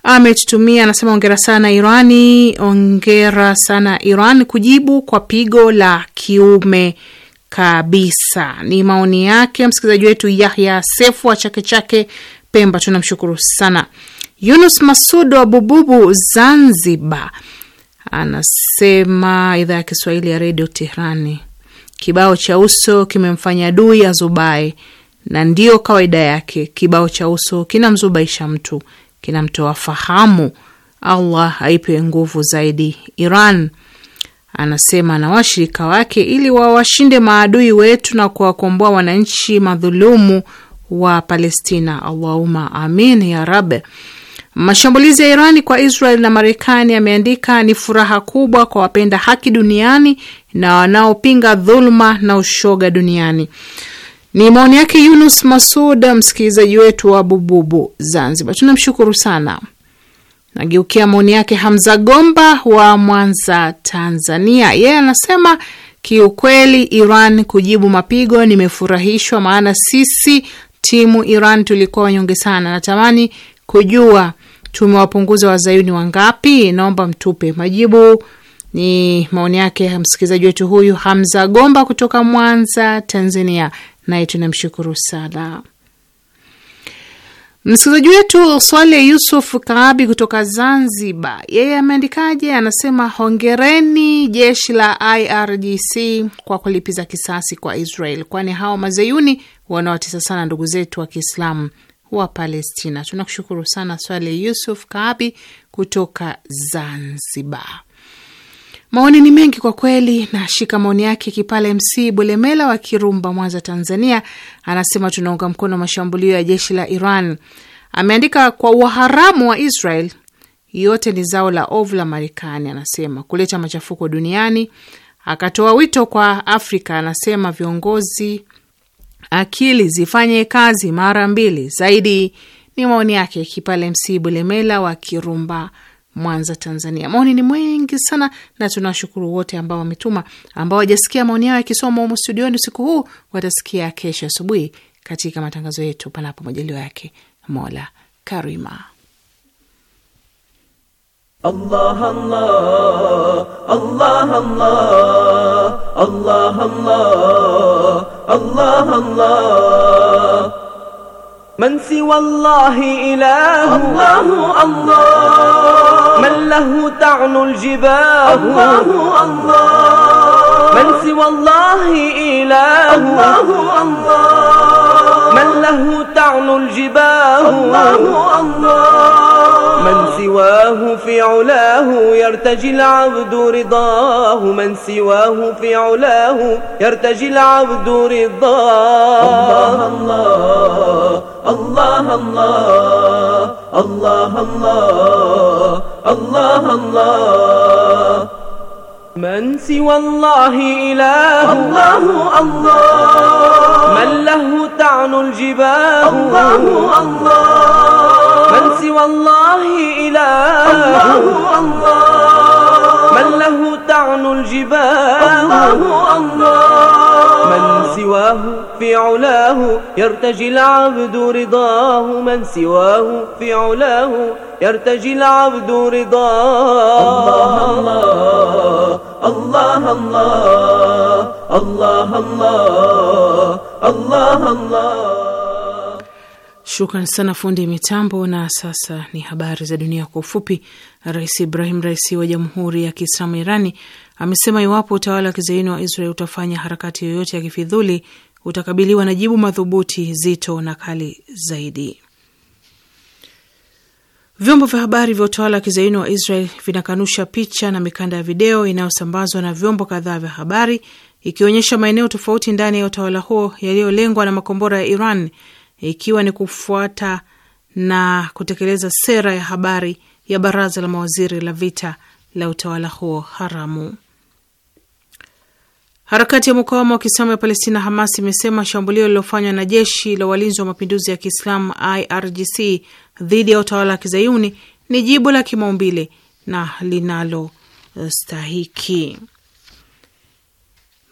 ametutumia, anasema ongera sana Irani, ongera sana Iran kujibu kwa pigo la kiume kabisa. Ni maoni yake msikilizaji wetu Yahya Sefu wa Chake Chake, Pemba. Tunamshukuru sana. Yunus Masud wa Bububu, Zanzibar, anasema idhaa ya Kiswahili ya Redio tehrani kibao cha uso kimemfanya ya azubae, na ndiyo kawaida yake. Kibao cha uso kinamzubaisha mtu, kinamtoa fahamu. Allah aipe nguvu zaidi Iran anasema na washirika wake, ili wawashinde maadui wetu na kuwakomboa wananchi madhulumu wa Palestina. Allahuma amin ya rab. Mashambulizi ya Irani kwa Israel na Marekani, ameandika ni furaha kubwa kwa wapenda haki duniani na wanaopinga dhuluma na ushoga duniani. Ni maoni yake Yunus Masud, msikilizaji wetu wa Bububu, Zanzibar. Tunamshukuru sana. Nageukia maoni yake Hamza Gomba wa Mwanza, Tanzania. Yeye yeah, anasema kiukweli, Iran kujibu mapigo, nimefurahishwa maana sisi timu Iran tulikuwa wanyonge sana. Natamani kujua tumewapunguza wazayuni wangapi? Naomba mtupe majibu. Ni maoni yake msikilizaji wetu huyu Hamza Gomba kutoka Mwanza, Tanzania, naye tunamshukuru sana. Msikilizaji wetu Swale Yusuf Kaabi kutoka Zanzibar, yeye ameandikaje? Anasema hongereni jeshi la IRGC kwa kulipiza kisasi kwa Israel, kwani hao mazeyuni wanaotesa sana ndugu zetu wa Kiislamu wa Palestina. Tunakushukuru sana Swale Yusuf Kaabi kutoka Zanzibar. Maoni ni mengi kwa kweli. Nashika maoni yake kipale MC Bulemela wa Kirumba, Mwanza, Tanzania. Anasema tunaunga mkono mashambulio ya jeshi la Iran. Ameandika kwa uharamu wa Israel yote ni zao la ovu la Marekani, anasema kuleta machafuko duniani. Akatoa wito kwa Afrika, anasema viongozi akili zifanye kazi mara mbili zaidi. Ni maoni yake kipale MC Bulemela wa Kirumba, Mwanza, Tanzania. Maoni ni mwengi sana na tunawashukuru wote ambao wametuma. Ambao wajasikia maoni yao yakisoma humu studioni usiku huu watasikia kesho asubuhi katika matangazo yetu, panapo majaliwa yake Mola Karima. Allah, Allah, Allah, Allah, Allah, Allah, Allah, Allah. من سوى الله إله الله الله من له تعن الجباه الله الله من سوى الله إله الله الله من له تعلو الجباه الله الله من سواه في علاه يرتجي العبد رضاه من سواه في علاه يرتجي العبد رضاه الله الله الله الله الله الله الله الله من سوى الله إله الله الله من له تعن الجباه الله الله من سوى الله إله الله الله من له تعن الجباه الله الله من سواه في علاه يرتجي العبد رضاه من سواه في علاه يرتجي العبد رضاه الله الله Allah Allah Allah Allah Allah Allah. Shukran sana fundi mitambo. Na sasa ni habari za dunia kwa ufupi. Rais Ibrahim Raisi wa Jamhuri ya Kiislamu Irani amesema iwapo utawala wa kizaini wa Israel utafanya harakati yoyote ya kifidhuli utakabiliwa na jibu madhubuti zito na kali zaidi. Vyombo vya habari vya utawala wa kizaini wa Israel vinakanusha picha na mikanda ya video inayosambazwa na vyombo kadhaa vya habari ikionyesha maeneo tofauti ndani ya utawala huo yaliyolengwa na makombora ya Iran, ikiwa ni kufuata na kutekeleza sera ya habari ya baraza la mawaziri la vita la utawala huo haramu. Harakati ya mukawama wa kiislamu ya Palestina, Hamas, imesema shambulio lililofanywa na jeshi la walinzi wa mapinduzi ya Kiislamu, IRGC, dhidi ya utawala wa kizayuni ni jibu la kimaumbile na linalostahiki.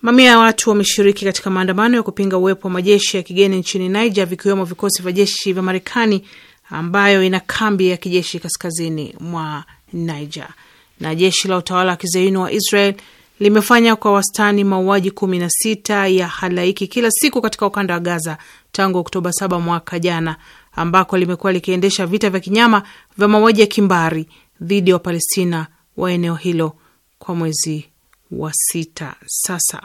Mamia ya watu wameshiriki katika maandamano ya kupinga uwepo wa majeshi ya kigeni nchini Niger, vikiwemo vikosi vya jeshi vya Marekani ambayo ina kambi ya kijeshi kaskazini mwa Niger. Na jeshi la utawala wa kizayuni wa Israel limefanya kwa wastani mauaji kumi na sita ya halaiki kila siku katika ukanda wa Gaza tangu Oktoba saba mwaka jana ambako limekuwa likiendesha vita vya kinyama vya mauaji ya kimbari dhidi ya Wapalestina wa eneo hilo kwa mwezi wa sita sasa.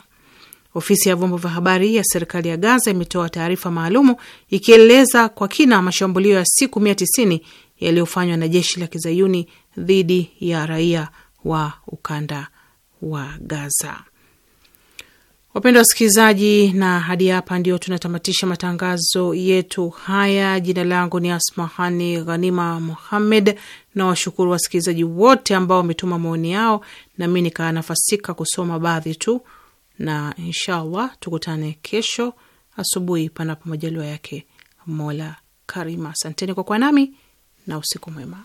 Ofisi ya vyombo vya habari ya serikali ya Gaza imetoa taarifa maalumu ikieleza kwa kina mashambulio ya siku mia tisini yaliyofanywa na jeshi la kizayuni dhidi ya raia wa ukanda wa Gaza. Wapendwa wasikilizaji, na hadi hapa ndio tunatamatisha matangazo yetu haya. Jina langu ni Asmahani Ghanima Muhammed na washukuru wasikilizaji wote ambao wametuma maoni yao, na mi nikanafasika kusoma baadhi tu, na inshallah tukutane kesho asubuhi, panapo majaliwa yake Mola Karima. Asanteni kwa kuwa nami na usiku mwema.